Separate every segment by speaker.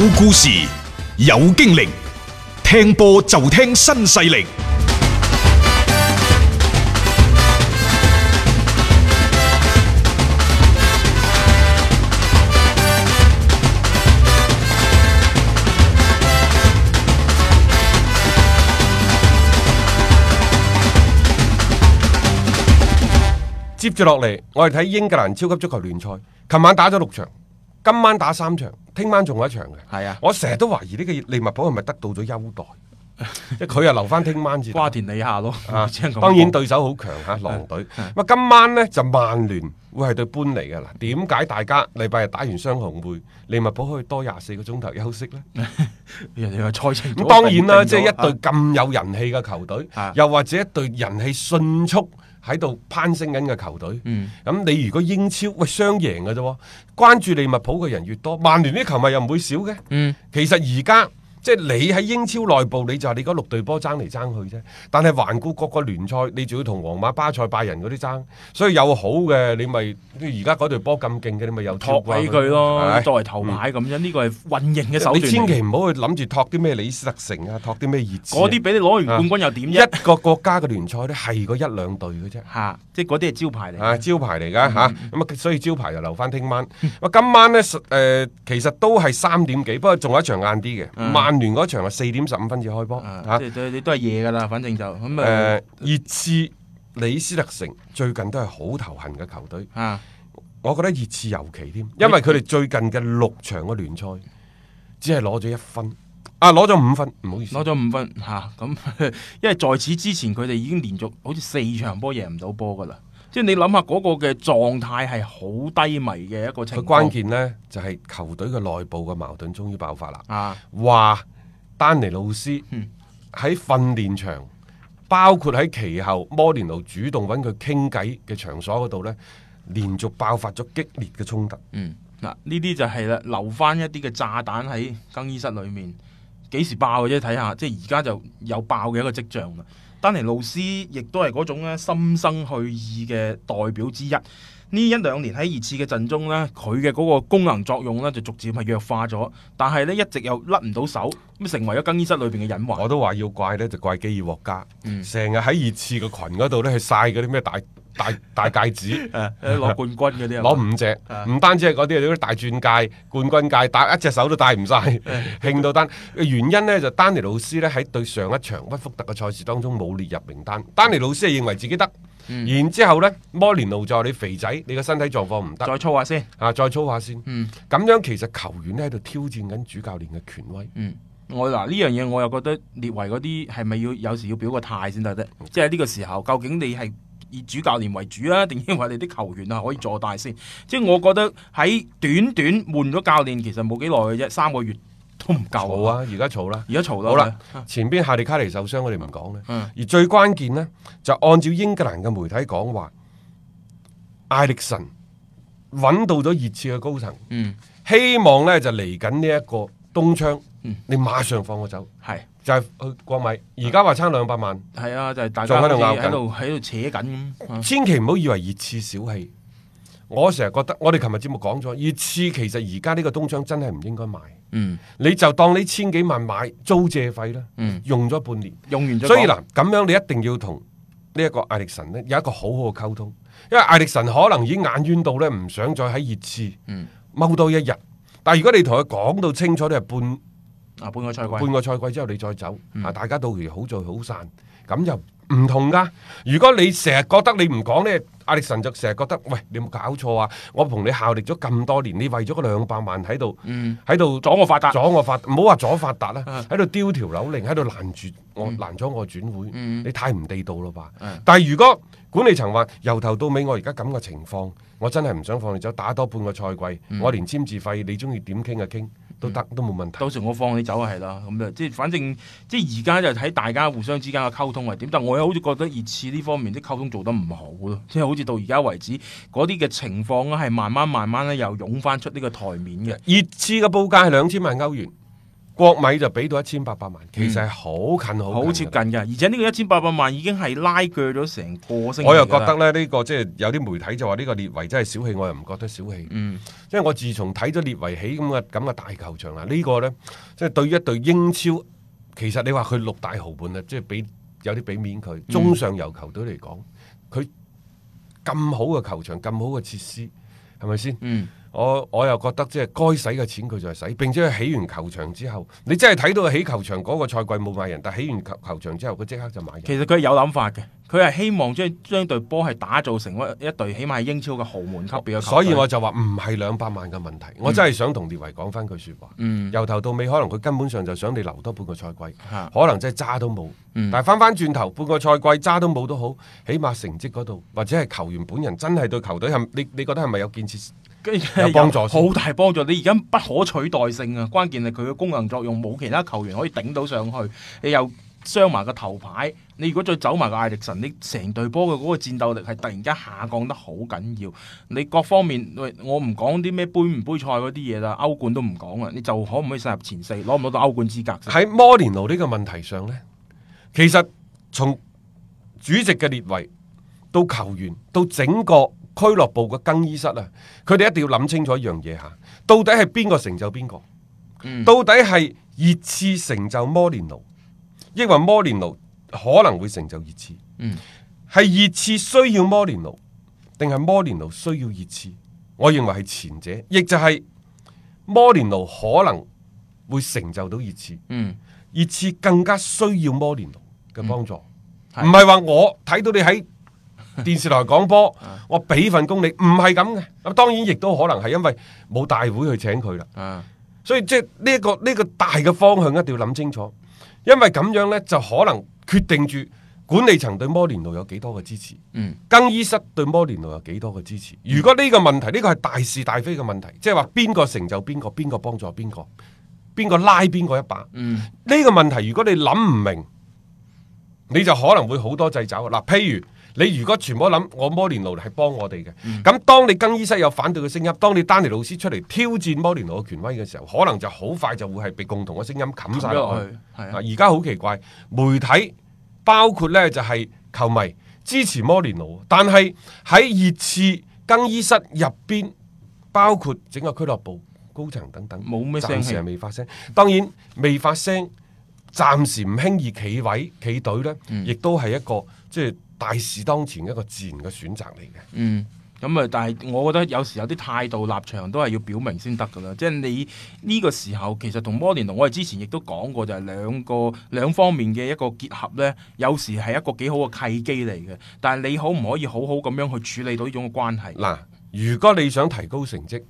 Speaker 1: 有故事，有經歷，聽波就聽新勢力。
Speaker 2: 接住落嚟，我哋睇英格蘭超級足球聯賽，琴晚打咗六場。今晚打三場，聽晚仲有一場嘅。係啊，我成日都懷疑呢個利物浦係咪得到咗優待？啊、即係佢又留翻聽晚至瓜田李下咯。啊、當然對手好強吓，狼隊。咁啊，啊今晚呢就曼聯會係對搬嚟嘅啦。點解大家禮拜日打完雙紅會，利物浦可以多廿四個鐘頭休息呢？啊、人哋話賽程當然啦，啊、即係一隊咁有人氣嘅球隊，啊、又或者一隊人氣迅速。喺度攀升緊嘅球隊，咁、嗯、你如果英超喂雙贏嘅啫，關注利物浦嘅人越多，曼聯啲球迷又唔會少嘅。嗯、其實而家。即係你喺英超內部，你就係你嗰六隊波爭嚟爭去啫。但係環顧各個聯賽，你仲要同皇馬、巴塞、拜仁嗰啲爭，所以有好嘅，你咪而家嗰隊波咁勁嘅，你咪又托起佢咯，的作為頭牌咁、嗯、樣。呢個係運營嘅手段。你千祈唔好去諗住托啲咩李斯特城的啊，托啲咩熱。嗰啲俾你攞完冠軍又點啫？一個國家嘅聯賽咧，係嗰一兩隊嘅啫。吓， 即係嗰啲係招牌嚟。啊，招牌嚟噶吓。咁、嗯、啊，所以招牌就留翻聽晚。我、嗯、今晚咧，誒、呃，其實都係三點幾，不過仲有一場晏啲嘅曼聯嗰場啊，四點十五分至開波吓，即你都係夜噶啦，反正就咁啊。熱刺、呃、李斯特城最近都係好頭痕嘅球隊，啊、我覺得熱刺尤其添，因為佢哋最近嘅六場嘅聯賽只係攞咗一分，啊，
Speaker 3: 攞咗五分，唔好意思，攞咗五分吓，咁、啊、因為在此之前佢哋已經連續好似四場波贏唔到波噶啦。即係你諗下嗰個嘅狀態係好低迷嘅一個情況。佢關鍵
Speaker 2: 呢，就係、是、球隊嘅內部嘅矛盾終於爆發啦。啊，話丹尼路斯喺訓練場，嗯、包括喺其後摩連奴主動揾佢傾偈嘅場所嗰度呢，連續爆發咗激烈嘅衝突。嗯，嗱
Speaker 3: 呢啲就係啦，留翻一啲嘅炸彈喺更衣室裏面，幾時爆嘅啫？睇下，即係而家就有爆嘅一個跡象啦。丹尼路斯亦都係嗰種咧心生去意嘅代表之一。呢一兩年喺熱刺嘅陣中咧，佢嘅嗰個功能作用咧就逐漸係弱化咗，但係咧一直又甩唔到手，咁成
Speaker 2: 為咗更衣室裏邊嘅隱患。我都話要怪咧，就怪基爾沃家。嗯。成日喺熱刺嘅群嗰度咧去晒嗰啲咩大。大大戒指，攞 冠軍嗰啲，攞五隻，唔 單止係嗰啲，嗰啲大鑽戒、冠軍戒，戴一隻手都戴唔晒，慶到單。原因呢就是、丹尼路斯咧喺對上一場屈福特嘅賽事當中冇列入名單，丹尼路斯係認為自己得，嗯、然之後咧摩連奴就話你肥仔，你嘅身體狀況唔得，再操下先，啊，再操下先，嗯，咁樣其實球員咧喺度挑戰緊主教練嘅權威，嗯，我
Speaker 3: 嗱呢樣嘢我又覺得列為嗰啲係咪要有時要表個態先得啫，嗯、即係呢個時候究竟你係。以主教練為主啊，定因為你啲球員啊可以做大先？即係我覺得喺
Speaker 2: 短短換咗教練，其實冇幾耐啫，三個月都唔夠。好啊，而家吵啦，而家吵到啦。好啦啊、前邊夏利卡尼受傷，我哋唔講咧。而最關鍵呢就按照英格蘭嘅媒體講話，艾力神揾到咗熱刺嘅高層，嗯、希望咧就嚟緊呢一個東窗你馬上放我走，係、啊、就係去國米。而家話差兩百萬，係啊，就係、是、大家喺度喺度喺度扯緊。啊、千祈唔好以為熱刺小氣，我成日覺得我哋琴日節目講咗，熱刺其實而家呢個冬窗真係唔應該買。嗯，你就當你千幾萬買租借費啦。用咗半年，嗯、用完咗所以嗱，咁樣你一定要同呢一個艾力神咧有一個很好好嘅溝通，因為艾力神可能已經眼冤到咧，唔想再喺熱刺踎多、嗯、一日。但係如果你同佢講到清楚，都係半。啊，半個賽季，半個賽季之後你再走，嗯、啊，大家到時好聚好散，咁就唔同噶。如果你成日覺得你唔講呢，阿力神就成日覺得，喂，你有冇搞錯啊？我同你效力咗咁多年，你為咗個兩百萬喺度，喺度、嗯、阻我發達，阻我發，唔好話阻我發達啦，喺度丟條紐，令喺度攔住我，嗯、攔咗我轉會，嗯、你太唔地道啦吧？啊、但係如果管理層話由頭到尾，我而家咁嘅情況，我真係唔想放你走，打多半個賽季，嗯、我連簽字費，你中意點傾就傾。都得，都冇問題。到時我放你走係啦，咁咧，
Speaker 3: 即係反正，即係而家就睇大家互相之間嘅溝通係點？但我又好似覺得熱刺呢方面啲溝通做得唔好咯，即係好似到而家為止，嗰啲嘅情況咧係慢慢慢慢咧又湧翻出呢個台面嘅。熱刺嘅報價係兩千萬歐元。國米就俾到一千八百萬，其實係好近好、嗯、接近噶，而且呢個一千八百萬已經係拉鋸咗成個星期。我又覺得
Speaker 2: 咧呢了、呢個即係有啲媒體就話呢個列維真係小氣，我又唔覺得小氣。嗯，因為我自從睇咗列維起咁嘅咁嘅大球場啊，這個、呢個咧即係對於一隊英超，其實你話佢六大豪盤啊，即係俾有啲俾面佢，中上游球隊嚟講，佢咁、嗯、好嘅球場，咁好嘅設施，係咪先？嗯。我我又覺得即係該使嘅錢佢就係使，並且佢起完球場之後，你真係睇到佢起球場嗰個賽季冇買人，但起完球球場之後，佢即刻就買人。其實佢係有諗法嘅，佢係希望將將隊波係打造成一一隊，起碼係英超嘅豪門級別嘅。所以我就話唔係兩百萬嘅問題，嗯、我真係想同列維講翻句説話。嗯、由頭到尾，可能佢根本上就想你留多半個賽季，是的，可能真係渣都冇。嗯、但係翻翻轉頭，半個賽季渣都冇都好，起碼成績嗰度或者係球員本人真係對球隊係你，你覺得係咪有建設？有
Speaker 3: 幫助，好 大幫助。你而家不可取代性啊！關鍵係佢嘅功能作用，冇其他球員可以頂到上去。你又傷埋個頭牌，你如果再走埋個艾歷臣，你成隊波嘅嗰個戰鬥力係突然間下降得好緊要。你各方面喂，我唔講啲咩杯唔杯賽嗰啲嘢啦，歐冠都唔講啊！你就可唔可以進入前四，攞唔攞到歐冠資格？喺摩
Speaker 2: 連奴呢個問題上呢，其實從主席嘅列位到球員到整個。俱樂部嘅更衣室啊，佢哋一定要諗清楚一樣嘢吓，到底係邊個成就邊個？嗯，到底係熱刺成就摩連奴，亦或摩連奴可能會成就熱刺？嗯，係熱刺需要摩連奴，定係摩連奴需要熱刺？我認為係前者，亦就係摩連奴可能會成就到熱刺。嗯，熱刺更加需要摩連奴嘅幫助，唔係話我睇到你喺。電視台講波，我俾份工你，唔係咁嘅。咁當然亦都可能係因為冇大會去請佢啦。啊、所以即係呢一個呢、呢個大嘅方向一定要諗清楚，因為咁樣呢，就可能決定住管理層對摩連奴有幾多嘅支持，嗯、更衣室對摩連奴有幾多嘅支持。如果呢個問題呢、呢個係大是大非嘅問題，即係話邊個成就邊個，邊個幫助邊個，邊個拉邊個一把。呢、嗯、個問題如果你諗唔明，你就可能會好多掣肘。嗱，譬如。你如果全部諗，我摩連奴係幫我哋嘅，咁、嗯、當你更衣室有反對嘅聲音，當你丹尼老師出嚟挑戰摩連奴嘅權威嘅時候，可能就好快就會係被共同嘅聲音冚晒落去。而家好奇怪，媒體包括呢就係、是、球迷支持摩連奴，但係喺熱刺更衣室入邊，包括整個俱樂部高層等等，冇咩聲氣，未發聲。當然未發聲，暫時唔輕易企位企隊呢，亦都係一個即係，大事當前，一個自然嘅選擇嚟
Speaker 3: 嘅，
Speaker 2: 嗯，咁啊，但係我覺得有時有啲態度、立場
Speaker 3: 都係要表明先得噶啦，即係你呢個時候其實同摩連奴，我哋之前亦都講過就係兩個兩方面嘅一個結合呢，有時係一個幾好嘅契機嚟嘅，但
Speaker 2: 係你可唔可以好好咁樣去處理到呢種關係？嗱，如果你想提高成績，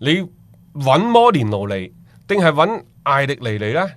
Speaker 2: 你搵摩連奴嚟定係搵艾迪尼嚟呢？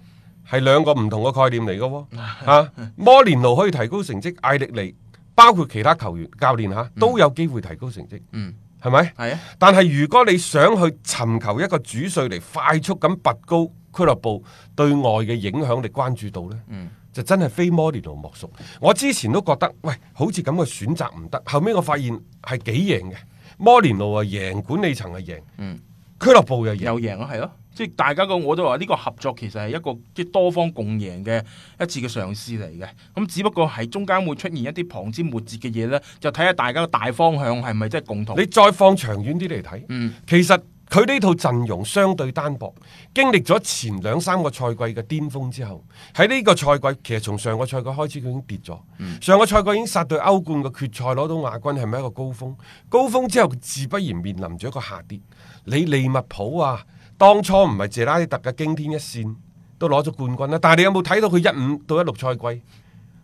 Speaker 2: 係兩個唔同嘅概念嚟嘅喎， 啊，摩連奴可以提高成績，艾力尼包括其他球員、教練吓、嗯、都有機會提高成績，係咪、嗯？係吧啊。但係如果你想去尋求一個主帥嚟快速咁拔高俱樂部對外嘅影響力，關注到呢，嗯、就真係非摩連奴莫屬。我之前都覺得喂，好似咁嘅選擇唔得，後尾我發現係幾贏嘅。摩連奴啊，贏管理層係贏，嗯，俱樂部贏又贏，又贏啊，係咯。即係大家個，我都話呢個合作其實係一個即係多
Speaker 3: 方共贏嘅一次嘅嘗試嚟嘅。咁只不過係中間會出現一啲旁枝末節嘅嘢呢，就睇下大家個大方向係咪真係共同。
Speaker 2: 你再放長遠啲嚟睇，嗯，其實佢呢套陣容相對單薄，經歷咗前兩三個賽季嘅巔峰之後，喺呢個賽季其實從上個賽季開始佢已經跌咗。嗯，上個賽季已經殺到歐冠嘅決賽，攞到亞軍係咪一個高峰？高峰之後自不然面臨咗一個下跌。你利物浦啊！當初唔係謝拉特嘅驚天一線都攞咗冠軍啦，但係你有冇睇到佢一五到一六賽季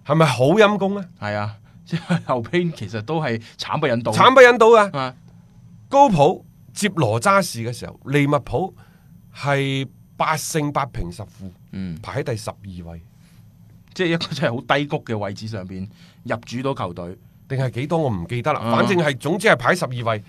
Speaker 2: 係咪好陰功咧？係啊，即係後邊其實都係慘不忍睹，慘不忍睹啊！高普接羅渣士嘅時候，利物浦係八勝八平十負，嗯，排喺第十二位，即係一個真係好低谷嘅位置上邊入主到球隊，定係幾多我唔記得啦，啊、反正係總之係排十二位，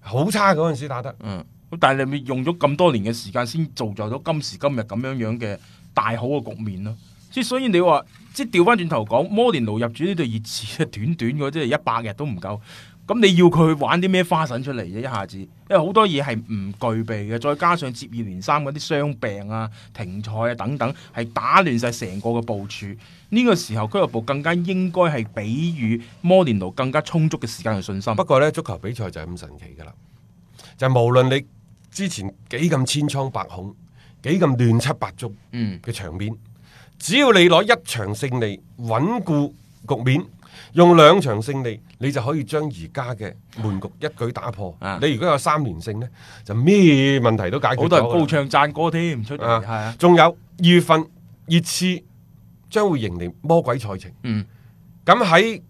Speaker 2: 好差嗰陣時打得嗯。
Speaker 3: 啊但係你咪用咗咁多年嘅時間先造就咗今時今日咁樣樣嘅大好嘅局面咯。即所以你話，即係調翻轉頭講，摩連奴入主呢度熱刺嘅短短嘅，即係一百日都唔夠。咁你要佢去玩啲咩花臣出嚟啫？一下子，因為好多嘢係唔具備嘅，再加上接二連三嗰啲傷病啊、停賽啊等等，係打亂晒成個嘅部署。呢、這個時候俱樂部更加應該係給予摩
Speaker 2: 連奴更加充足嘅時間去信心。不過呢，足球比賽就係咁神奇噶啦，就是、無論你。之前幾咁千瘡百孔，幾咁亂七八糟嘅場面，嗯、只要你攞一場勝利穩固局面，用兩場勝利，你就可以將而家嘅悶局一舉打破。啊、你如果有三連勝呢，就咩問題都解決。好多人高唱贊歌添，出嚟、啊啊、仲有二月份熱刺將會迎嚟魔鬼賽程。嗯，咁喺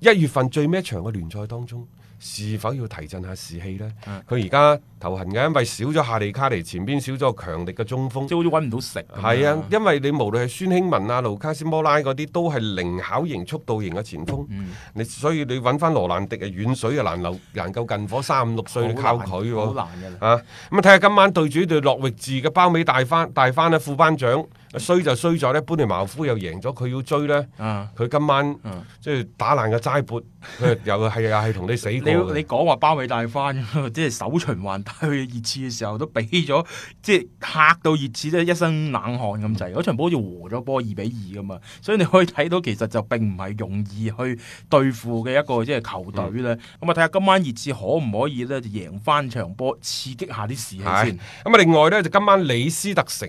Speaker 2: 一月份最尾一場嘅聯賽當中，是否要提振一下士氣呢？佢而家頭痕嘅，因為少咗夏利卡尼，前邊少咗強力嘅中鋒，即係好似揾唔到食。係啊，因為你無論係孫興文啊、盧卡斯摩拉嗰啲，都係靈巧型、速度型嘅前鋒。你、嗯、所以你揾翻羅蘭迪啊，遠水啊難留，難救近火三五六歲難你靠佢喎。嚇咁啊！睇、嗯、下今晚對住呢隊諾域治嘅包尾大翻大翻啊副班長。衰就衰咗咧，般尼茅夫又贏咗，佢要追咧。佢、啊、今晚、啊、即係打爛個齋缽，佢又係又係同你死過的你。你你講話包尾大翻，即係首循環打去
Speaker 3: 熱刺嘅時候，都比咗即係嚇到熱刺，即係一身冷汗咁滯。嗰、嗯、場波好似和咗波二比二咁啊！所以你可以睇到，其實就並唔係容易去對付嘅一個即係、就是、球隊咧。咁啊、嗯，睇下今晚熱刺可唔可以咧贏翻場波，刺
Speaker 2: 激一下啲士氣先。咁啊、哎，另外咧就今晚李斯特城。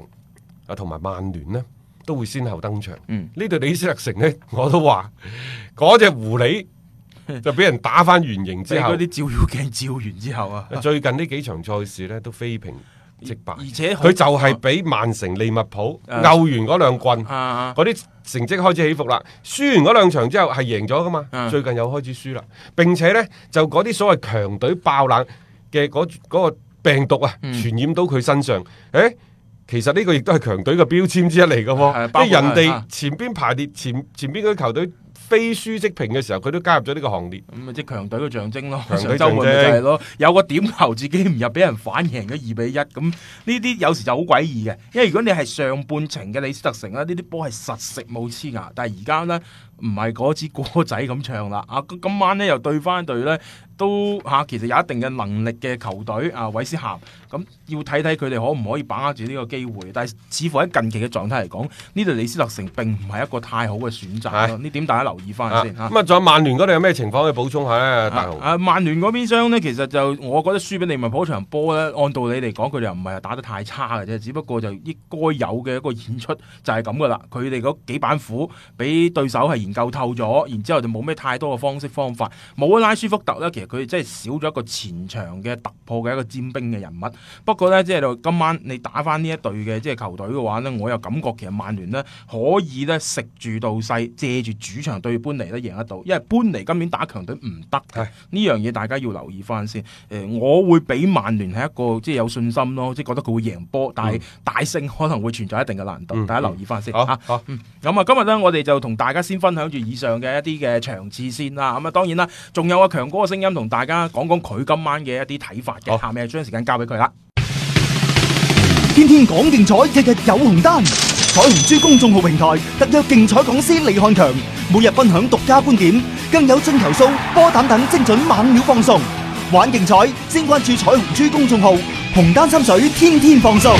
Speaker 2: 啊，同埋曼聯咧都會先後登場。嗯，呢對李斯特城咧，我都話嗰隻狐狸就俾人打返原形之後，嗰啲照妖鏡照完之後啊，最近呢幾場賽事咧都非平即敗。而且佢就係俾曼城、啊、利物浦拗完嗰兩棍，嗰啲、啊、成績開始起伏啦。啊啊、輸完嗰兩場之後係贏咗㗎嘛？啊、最近又開始輸啦。並且呢，就嗰啲所謂強隊爆冷嘅嗰、嗰個病毒啊，嗯、傳染到佢身上，誒、欸。其實呢個亦都係強隊嘅標籤之一嚟嘅，即係人哋前邊排列前前邊嗰啲球隊非輸即平嘅時候，佢都加入
Speaker 3: 咗呢個行列，咁啊即係強隊嘅象徵咯。強隊的象徵。上半程就係咯，有個點球自己唔入，俾人反贏咗二比一，咁呢啲有時候就好詭異嘅。因為如果你係上半程嘅李斯特城啦，呢啲波係實食冇黐牙，但係而家呢，唔係嗰支歌仔咁唱啦，啊，今晚呢，又對翻隊呢。都嚇、啊，其實有一定嘅能力嘅球隊啊，韋斯咸咁、嗯、要睇睇佢哋可唔可以把握住呢個機會。但係似乎喺近期嘅狀態嚟講，呢度里斯特城並唔係一個太好嘅選擇。呢、哎、點大家留意翻先。咁啊，
Speaker 2: 仲、啊嗯、有曼聯嗰度有
Speaker 3: 咩情況可以補充下咧、啊啊啊，啊，曼聯嗰邊廂咧，其實就我覺得輸俾利物浦場波咧，按道理嚟講，佢哋又唔係打得太差嘅啫。只不過就應該有嘅一個演出就係咁噶啦。佢哋嗰幾板斧俾對手係研究透咗，然之後就冇咩太多嘅方式方法，冇拉舒福特咧，佢即係少咗一個前場嘅突破嘅一個尖兵嘅人物。不過咧，即、就、係、是、今晚你打翻、就是、呢一隊嘅即係球隊嘅話咧，我又感覺其實曼聯咧可以咧食住到勢，借住主場對搬嚟咧贏得到。因為搬嚟今年打強隊唔得嘅呢樣嘢，大家要留意翻先。誒、呃，我會俾曼聯係一個即係、就是、有信心咯，即係覺得佢會贏波，但係大勝可能會存在一定嘅難度。嗯、大家留意翻先嚇、嗯啊。好，咁啊，嗯、今日咧我哋就同大家先分享住以上嘅一啲嘅場次先啦。咁啊，當然啦，仲有阿、啊、強哥嘅聲音。同大家講講佢今晚嘅一啲睇法嘅，好下面係將時間交俾佢啦。天天講競彩，日日有紅單。彩虹珠公眾號平台特約競彩講師李漢強，每日分享獨家觀點，更有進球數、波膽等精準猛料放送。玩競彩，先關注彩虹珠公眾號，紅單心水，天天放送。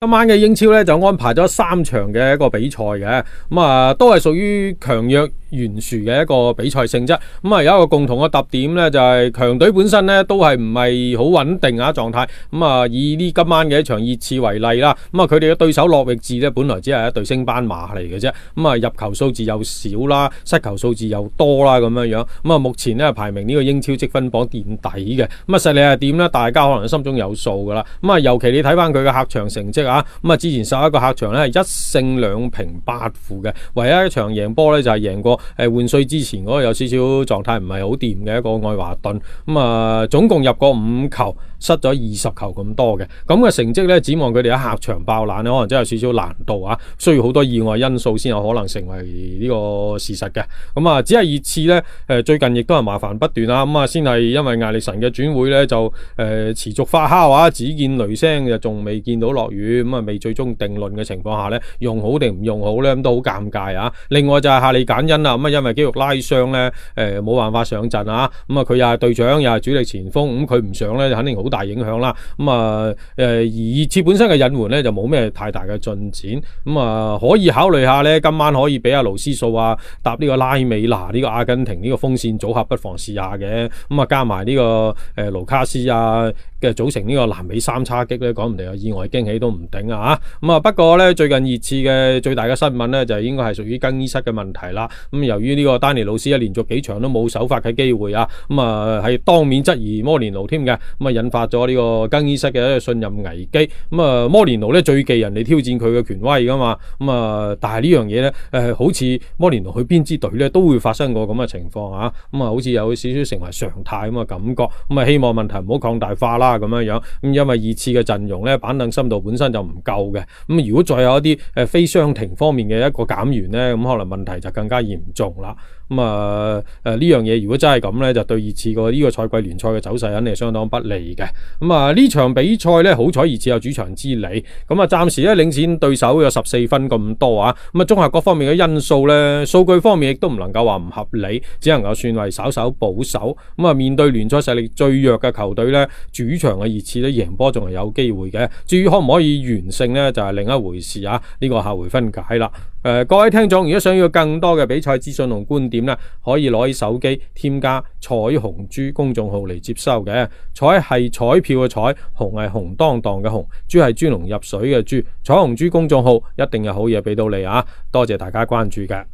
Speaker 1: 今晚嘅英超呢，就安排咗三場嘅一個比賽嘅，咁、嗯、啊都係屬於強弱懸殊嘅一個比賽性質，咁、嗯、啊有一個共同嘅特點呢就係強隊本身呢都係唔係好穩定啊狀態。咁、嗯、啊以呢今晚嘅一場熱刺為例啦，咁啊佢哋嘅對手諾域治呢，本來只係一隊升班馬嚟嘅啫，咁、嗯、啊入球數字又少啦，失球數字又多啦咁樣樣。咁、嗯、啊目前呢，排名呢個英超積分榜墊底嘅，咁、嗯、啊實力係點呢？大家可能心中有數噶啦。咁、嗯、啊尤其你睇翻佢嘅客場成績啊，咁、嗯、啊之前十一個客場呢係一勝兩平八負嘅，唯一一場贏波呢，就係贏過。誒，換帥之前嗰個有少少狀態唔係好掂嘅一個愛華頓，咁啊總共入過五球。失咗二十球咁多嘅，咁嘅成績咧，指望佢哋喺客場爆冷呢，可能真係有少少難度啊，需要好多意外因素先有可能成為呢個事實嘅。咁、嗯、啊，只係熱刺咧，誒最近亦都係麻煩不斷啊，咁啊，先係因為艾力神嘅轉會咧，就誒、呃、持續發酵啊，只見雷聲就仲未見到落雨，咁、嗯、啊，未最終定論嘅情況下咧，用好定唔用好咧，咁、嗯、都好尷尬啊。另外就係哈利簡恩啊，咁、嗯、啊，因為肌肉拉傷咧，誒、呃、冇辦法上陣啊，咁、嗯、啊，佢又係隊長又係主力前鋒，咁佢唔上咧，就肯定好。好大影響啦，咁啊，誒熱刺本身嘅引援咧，就冇咩太大嘅進展，咁啊可以考慮下咧，今晚可以俾阿盧斯素啊搭呢個拉美娜，呢個阿根廷呢個風扇組合不妨試下嘅，咁啊加埋呢個誒盧卡斯啊。嘅組成呢個南美三叉戟咧，講唔定有意外驚喜都唔定啊！吓，咁啊，不過咧最近熱刺嘅最大嘅新聞咧，就應該係屬於更衣室嘅問題啦。咁、嗯、由於呢個丹尼老師咧連續幾場都冇首發嘅機會啊，咁啊係當面質疑摩連奴添嘅，咁、嗯、啊引發咗呢個更衣室嘅信任危機，咁、嗯、啊摩連奴咧最忌人哋挑戰佢嘅權威噶嘛。咁、嗯、啊，但係呢樣嘢咧，誒好似摩連奴去邊支隊咧都會發生過咁嘅情況啊。咁、嗯、啊，好似有少少成為常態咁嘅感覺，咁、嗯、啊，希望問題唔好擴大化啦。咁樣樣，咁因為二次嘅陣容咧，板凳深度本身就唔夠嘅，咁如果再有一啲誒非傷停方面嘅一個減員咧，咁可能問題就更加嚴重啦。咁啊，誒呢樣嘢如果真係咁呢，就對熱刺個呢個賽季聯賽嘅走勢肯定係相當不利嘅。咁啊呢場比賽呢，好彩熱刺有主場之利。咁啊暫時呢，領先對手有十四分咁多啊。咁啊綜合各方面嘅因素呢，數據方面亦都唔能夠話唔合理，只能夠算為稍稍保守。咁、嗯、啊面對聯賽實力最弱嘅球隊呢，主場嘅熱刺呢贏波仲係有機會嘅。至於可唔可以完勝呢，就係、是、另一回事啊。呢、這個下回分解啦。誒、呃，各位聽眾，如果想要更多嘅比賽資訊同觀點呢，可以攞起手機添加彩虹豬公眾號嚟接收嘅。彩係彩票嘅彩，紅係紅當當嘅紅，豬係豬籠入水嘅豬。彩虹豬公眾號一定有好嘢俾到你啊！多謝大家關注嘅。